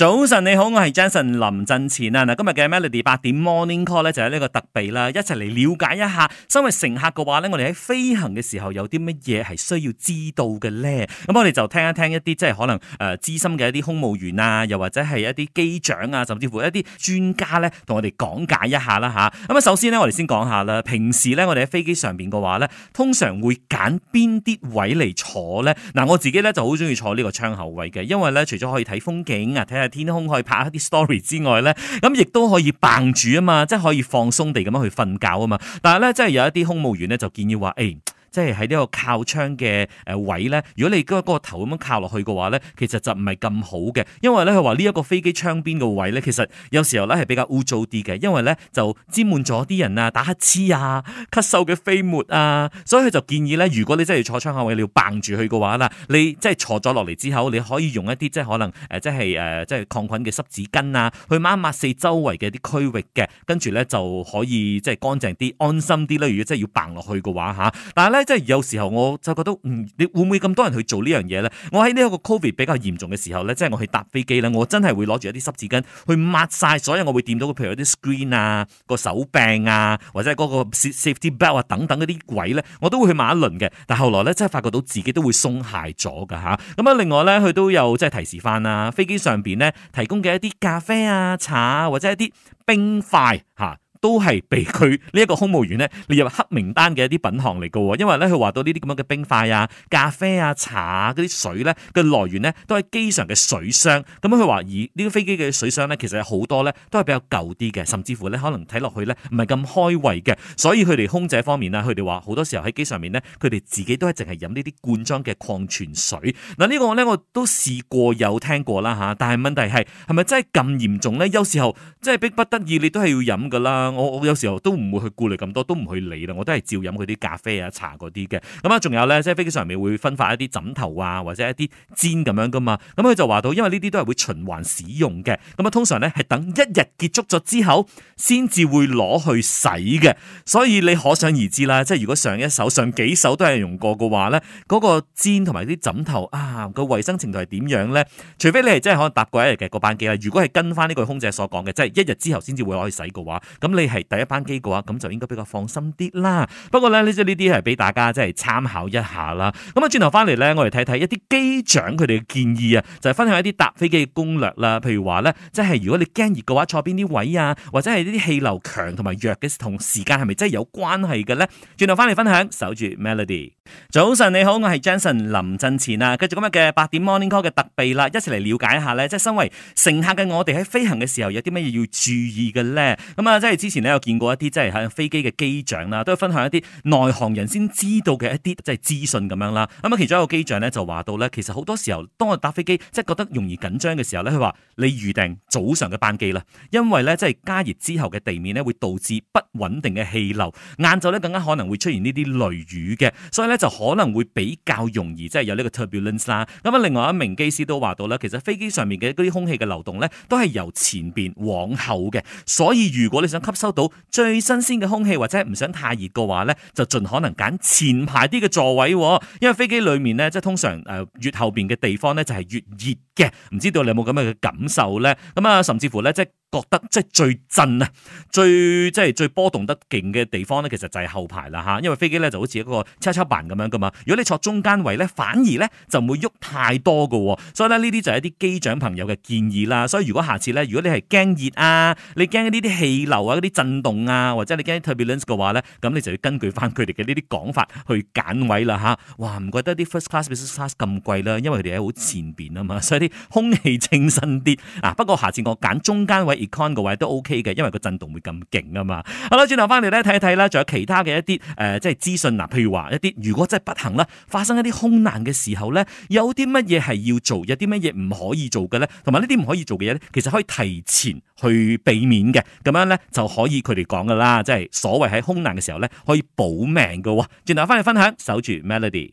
早晨你好，我係 Jansen 林振前啊！嗱，今日嘅 Melody 八點 Morning Call 咧就係呢個特備啦，一齊嚟了解一下。身為乘客嘅話咧，我哋喺飛行嘅時候有啲乜嘢係需要知道嘅咧？咁、嗯、我哋就聽一聽一啲即係可能誒資、呃、深嘅一啲空務員啊，又或者係一啲機長啊，甚至乎一啲專家咧，同我哋講解一下啦吓。咁、嗯、啊，首先咧我哋先講下啦，平時咧我哋喺飛機上邊嘅話咧，通常會揀邊啲位嚟坐咧？嗱、嗯，我自己咧就好中意坐呢個窗口位嘅，因為咧除咗可以睇風景啊，睇下。天空去拍一啲 story 之外咧，咁亦都可以掹住啊嘛，即係可以放鬆地咁樣去瞓覺啊嘛。但係咧，即係有一啲空務員咧就建議話誒。欸即係喺呢個靠窗嘅誒位咧，如果你嗰個頭咁樣靠落去嘅話咧，其實就唔係咁好嘅，因為咧佢話呢一個飛機窗邊嘅位咧，其實有時候咧係比較污糟啲嘅，因為咧就沾滿咗啲人啊打乞嗤啊、咳嗽嘅飛沫啊，所以佢就建議咧，如果你真係要坐窗口位你要 bang 住去嘅話啦，你即係坐咗落嚟之後，你可以用一啲即係可能誒、呃、即係誒、呃、即係抗菌嘅濕紙巾啊，去抹一抹四周圍嘅啲區域嘅，跟住咧就可以即係乾淨啲、安心啲啦。如果真係要 bang 落去嘅話嚇，但係咧。即係有時候我就覺得嗯，你會唔會咁多人去做呢樣嘢咧？我喺呢一個 COVID 比較嚴重嘅時候咧，即係我去搭飛機啦，我真係會攞住一啲濕紙巾去抹晒所有我會掂到嘅，譬如有啲 screen 啊、個手柄啊，或者係嗰個 safety belt 啊等等嗰啲鬼咧，我都會去抹一輪嘅。但係後來咧，真係發覺到自己都會鬆懈咗噶吓。咁啊，另外咧，佢都有即係提示翻啊，飛機上邊咧提供嘅一啲咖啡啊、茶啊，或者一啲冰塊吓。啊都係被佢呢一個空務員呢列入黑名單嘅一啲品項嚟噶喎，因為呢，佢話到呢啲咁樣嘅冰塊啊、咖啡啊、茶啊、嗰啲水呢，嘅來源呢都係機上嘅水箱，咁樣佢話以呢啲飛機嘅水箱呢，其實有好多呢都係比較舊啲嘅，甚至乎呢可能睇落去呢唔係咁開胃嘅，所以佢哋空姐方面呢，佢哋話好多時候喺機上面呢，佢哋自己都係淨係飲呢啲罐裝嘅礦泉水。嗱、嗯、呢、這個呢，我都試過有聽過啦吓，但係問題係係咪真係咁嚴重呢？有時候真係逼不得已你都係要飲噶啦。我我有時候都唔會去顧慮咁多，都唔去理啦，我都係照飲佢啲咖啡啊、茶嗰啲嘅。咁啊，仲有咧，即係飛機上面會分發一啲枕頭啊，或者一啲氈咁樣噶嘛。咁、嗯、佢就話到，因為呢啲都係會循環使用嘅。咁、嗯、啊，通常咧係等一日結束咗之後，先至會攞去洗嘅。所以你可想而知啦，即係如果上一手、上幾手都係用過嘅話咧，嗰、嗰個氈同埋啲枕頭啊，嗰個衞生程度係點樣咧？除非你係真係可能搭過一日嘅嗰班機啦。如果係跟翻呢個空姐所講嘅，即、就、係、是、一日之後先至會攞去洗嘅話，咁你即係第一班機嘅話，咁就應該比較放心啲啦。不過咧，呢啲呢啲係俾大家即係參考一下啦。咁啊，轉頭翻嚟咧，我哋睇睇一啲機長佢哋嘅建議啊，就係分享一啲搭飛機嘅攻略啦。譬如話咧，即係如果你驚熱嘅話，坐邊啲位啊，或者係呢啲氣流強同埋弱嘅同時間係咪真係有關係嘅咧？轉頭翻嚟分享，守住 Melody。早晨你好，我係 Jensen 林振前啊，繼續今日嘅八點 Morning Call 嘅特備啦，一齊嚟了解一下咧，即係身為乘客嘅我哋喺飛行嘅時候有啲乜嘢要注意嘅咧？咁、嗯、啊，即係之前咧有見過一啲即係喺飛機嘅機長啦，都分享一啲內行人先知道嘅一啲即係資訊咁樣啦。咁、嗯、啊，其中一個機長咧就話到咧，其實好多時候當我搭飛機即係覺得容易緊張嘅時候咧，佢話你預定早上嘅班機啦，因為咧即係加熱之後嘅地面咧會導致不穩定嘅氣流，晏晝咧更加可能會出現呢啲雷雨嘅，所以咧。就可能會比較容易，即係有呢個 turbulence 啦。咁啊，另外一名機師都話到咧，其實飛機上面嘅嗰啲空氣嘅流動咧，都係由前邊往後嘅。所以如果你想吸收到最新鮮嘅空氣，或者唔想太熱嘅話咧，就盡可能揀前排啲嘅座位哦，因為飛機裡面咧，即係通常誒越後邊嘅地方咧就係越熱嘅。唔知道你有冇咁樣嘅感受咧？咁啊，甚至乎咧即係。覺得即係最震啊，最即係最波動得勁嘅地方咧，其實就係後排啦吓，因為飛機咧就好似一個蹺蹺板咁樣噶嘛。如果你坐中間位咧，反而咧就唔會喐太多噶。所以咧呢啲就係一啲機長朋友嘅建議啦。所以如果下次咧，如果你係驚熱啊，你驚呢啲氣流啊、嗰啲震動啊，或者你驚 turbulence 嘅話咧，咁你就要根據翻佢哋嘅呢啲講法去揀位啦吓。哇，唔怪得啲 first class business class 咁貴啦，因為佢哋喺好前邊啊嘛，所以啲空氣清新啲啊。不過下次我揀中間位。Econ 嘅位都 OK 嘅，因為個震動會咁勁啊嘛。好啦，轉頭翻嚟咧睇一睇啦，仲有其他嘅一啲誒、呃，即係資訊啦。譬如話一啲，如果真係不幸啦，發生一啲空難嘅時候咧，有啲乜嘢係要做，有啲乜嘢唔可以做嘅咧？同埋呢啲唔可以做嘅嘢咧，其實可以提前去避免嘅，咁樣咧就可以佢哋講噶啦，即係所謂喺空難嘅時候咧可以保命噶。轉頭翻嚟分享，守住 Melody，Melody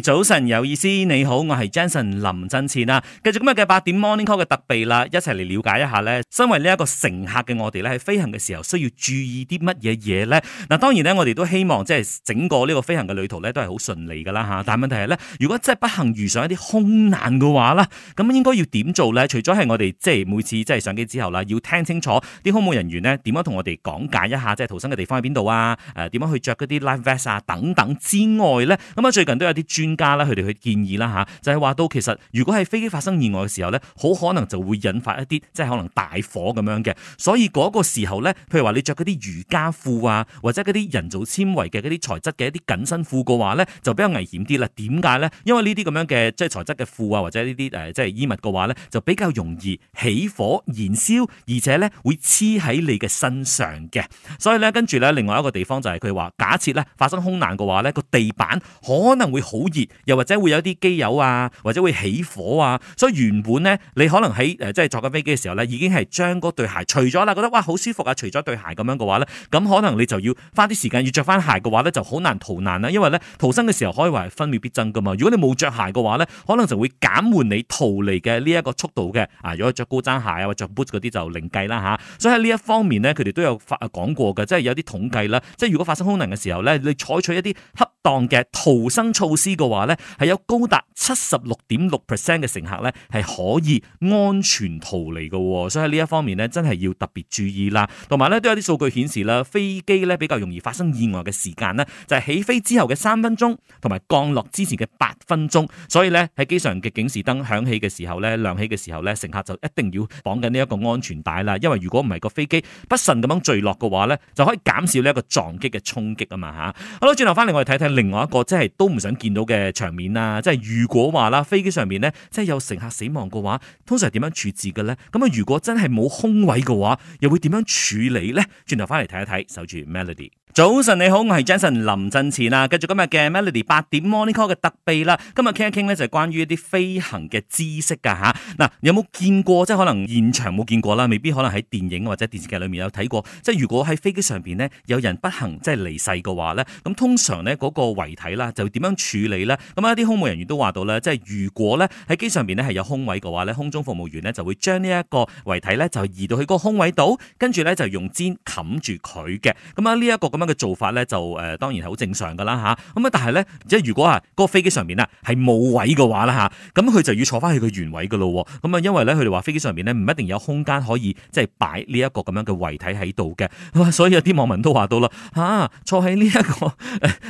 Mel 早晨有意思，你好，我係 Jenson 林振千啦。繼續今日嘅八點 Morning Call 嘅特備啦，一齊嚟了解一下咧。身為呢一個乘客嘅我哋咧，喺飛行嘅時候需要注意啲乜嘢嘢咧？嗱，當然咧，我哋都希望即係整個呢個飛行嘅旅途咧都係好順利嘅啦嚇。但問題係咧，如果真係不幸遇上一啲空難嘅話啦，咁應該要點做咧？除咗係我哋即係每次即係上機之後啦，要聽清楚啲空務人員咧點樣同我哋講解一下即係逃生嘅地方喺邊度啊？誒點樣去着嗰啲 life vest 啊等等之外咧，咁啊最近都有啲專家啦，佢哋去建議啦嚇，就係話到其實如果係飛機發生意外嘅時候咧，好可能就會引發一啲即係可能大。火咁樣嘅，所以嗰個時候呢，譬如話你着嗰啲瑜伽褲啊，或者嗰啲人造纖維嘅嗰啲材質嘅一啲緊身褲嘅話呢，就比較危險啲啦。點解呢？因為呢啲咁樣嘅即係材質嘅褲啊，或者呢啲誒即係衣物嘅話呢，就比較容易起火燃燒，而且呢會黐喺你嘅身上嘅。所以呢，跟住呢，另外一個地方就係佢話，假設呢發生空難嘅話呢，個地板可能會好熱，又或者會有啲機油啊，或者會起火啊。所以原本呢，你可能喺誒、呃、即係坐緊飛機嘅時候呢，已經係。將嗰對鞋除咗啦，覺得哇好舒服啊！除咗對鞋咁樣嘅話咧，咁可能你就要花啲時間要着翻鞋嘅話咧，就好難逃難啦。因為咧逃生嘅時候可以話係分秒必爭噶嘛。如果你冇着鞋嘅話咧，可能就會減緩你逃離嘅呢一個速度嘅。啊，如果着高踭鞋啊或者 boot 嗰啲就另計啦吓、啊。所以喺呢一方面咧，佢哋都有發、啊、講過嘅，即係有啲統計啦。即係如果發生空難嘅時候咧，你採取一啲當嘅逃生措施嘅話呢係有高達七十六點六 percent 嘅乘客呢係可以安全逃離嘅，所以喺呢一方面呢，真係要特別注意啦。同埋呢，都有啲數據顯示啦，飛機呢比較容易發生意外嘅時間呢，就係起飛之後嘅三分鐘，同埋降落之前嘅八分鐘。所以呢，喺機上嘅警示燈響起嘅時候呢，亮起嘅時候呢，乘客就一定要綁緊呢一個安全帶啦。因為如果唔係個飛機不慎咁樣墜落嘅話呢，就可以減少呢一個撞擊嘅衝擊啊嘛吓。好啦，轉頭翻嚟我哋睇睇。另外一個即係都唔想見到嘅場面啊！即係如果話啦，飛機上面呢，即係有乘客死亡嘅話，通常點樣處置嘅呢？咁啊，如果真係冇空位嘅話，又會點樣處理呢？轉頭翻嚟睇一睇，守住 Melody。早晨你好，我係 Jason 林振前啊，繼續今日嘅 Melody 八點 Morning Call 嘅特備啦。今日傾一傾咧就係關於一啲飛行嘅知識噶吓。嗱，有冇見過？即係可能現場冇見過啦，未必可能喺電影或者電視劇裏面有睇過。即係如果喺飛機上邊呢，有人不幸即係離世嘅話咧，咁通常呢嗰個遺體啦，就點樣處理咧？咁啊，啲空務人員都話到咧，即係如果咧喺機上邊咧係有空位嘅話咧，空中服務員咧就會將呢一個遺體咧就移到去嗰個空位度，跟住咧就用氈冚住佢嘅。咁啊，呢一個咁嘅做法咧就誒、呃，當然係好正常噶啦吓。咁啊，但係咧，即係如果、嗰個、啊，嗰個飛機上面啊，係冇位嘅話啦吓，咁佢就要坐翻去佢原位噶咯。咁啊，因為咧，佢哋話飛機上面咧唔一定有空間可以即係擺呢一個咁樣嘅遺體喺度嘅，所以有啲網民都話到啦吓、啊，坐喺呢一個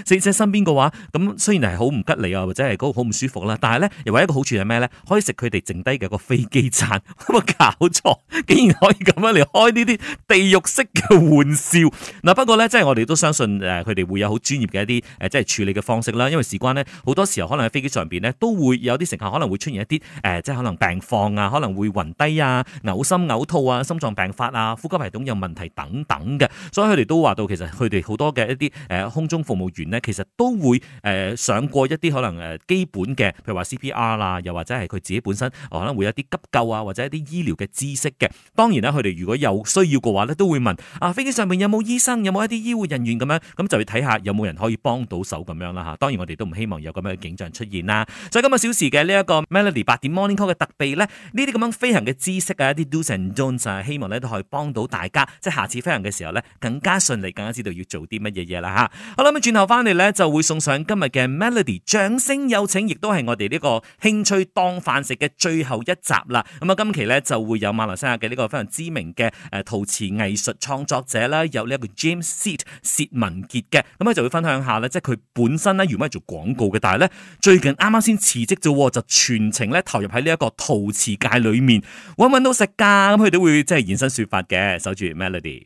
死者、啊、身邊嘅話，咁雖然係好唔吉利啊，或者係嗰個好唔舒服啦、啊，但係咧又有一個好處係咩咧？可以食佢哋剩低嘅個飛機餐。咁啊搞錯，竟然可以咁樣嚟開呢啲地獄式嘅玩笑。嗱、啊，不過咧，即係我哋。亦都相信誒，佢哋會有好專業嘅一啲誒，即係處理嘅方式啦。因為事關咧，好多時候可能喺飛機上邊咧，都會有啲乘客可能會出現一啲誒即係可能病況啊，可能會暈低啊、嘔心嘔吐啊、心臟病發啊、呼吸系統有問題等等嘅。所以佢哋都話到，其實佢哋好多嘅一啲誒空中服務員咧，其實都會誒上過一啲可能誒基本嘅，譬如話 CPR 啦，又或者係佢自己本身可能會有啲急救啊，或者一啲醫療嘅知識嘅。當然啦，佢哋如果有需要嘅話咧，都會問啊飛機上面有冇醫生，有冇一啲醫護人員咁樣，咁就睇下有冇人可以幫到手咁樣啦吓。當然我哋都唔希望有咁樣嘅景象出現啦。在、啊就是、今個小時嘅呢一個 Melody 八點 Morning Call 嘅特備咧，呢啲咁樣飛行嘅知識啊，一啲 Do’s and Don’ts 就係希望咧都可以幫到大家，即係下次飛行嘅時候咧更加順利，更加知道要做啲乜嘢嘢啦吓。好啦，咁、嗯、轉頭翻嚟咧就會送上今日嘅 Melody 掌聲有請，亦都係我哋呢個興趣當飯食嘅最後一集啦。咁啊，今期咧就會有馬來西亞嘅呢個非常知名嘅誒、呃、陶瓷藝，藝術創作者啦、啊，有呢一個 James Sit。薛文杰嘅咁佢就會分享下咧，即係佢本身咧原本係做廣告嘅，但係咧最近啱啱先辭職啫，就全程咧投入喺呢一個陶瓷界裏面，揾揾到食㗎，咁佢哋都會即係現身説法嘅，守住 Melody。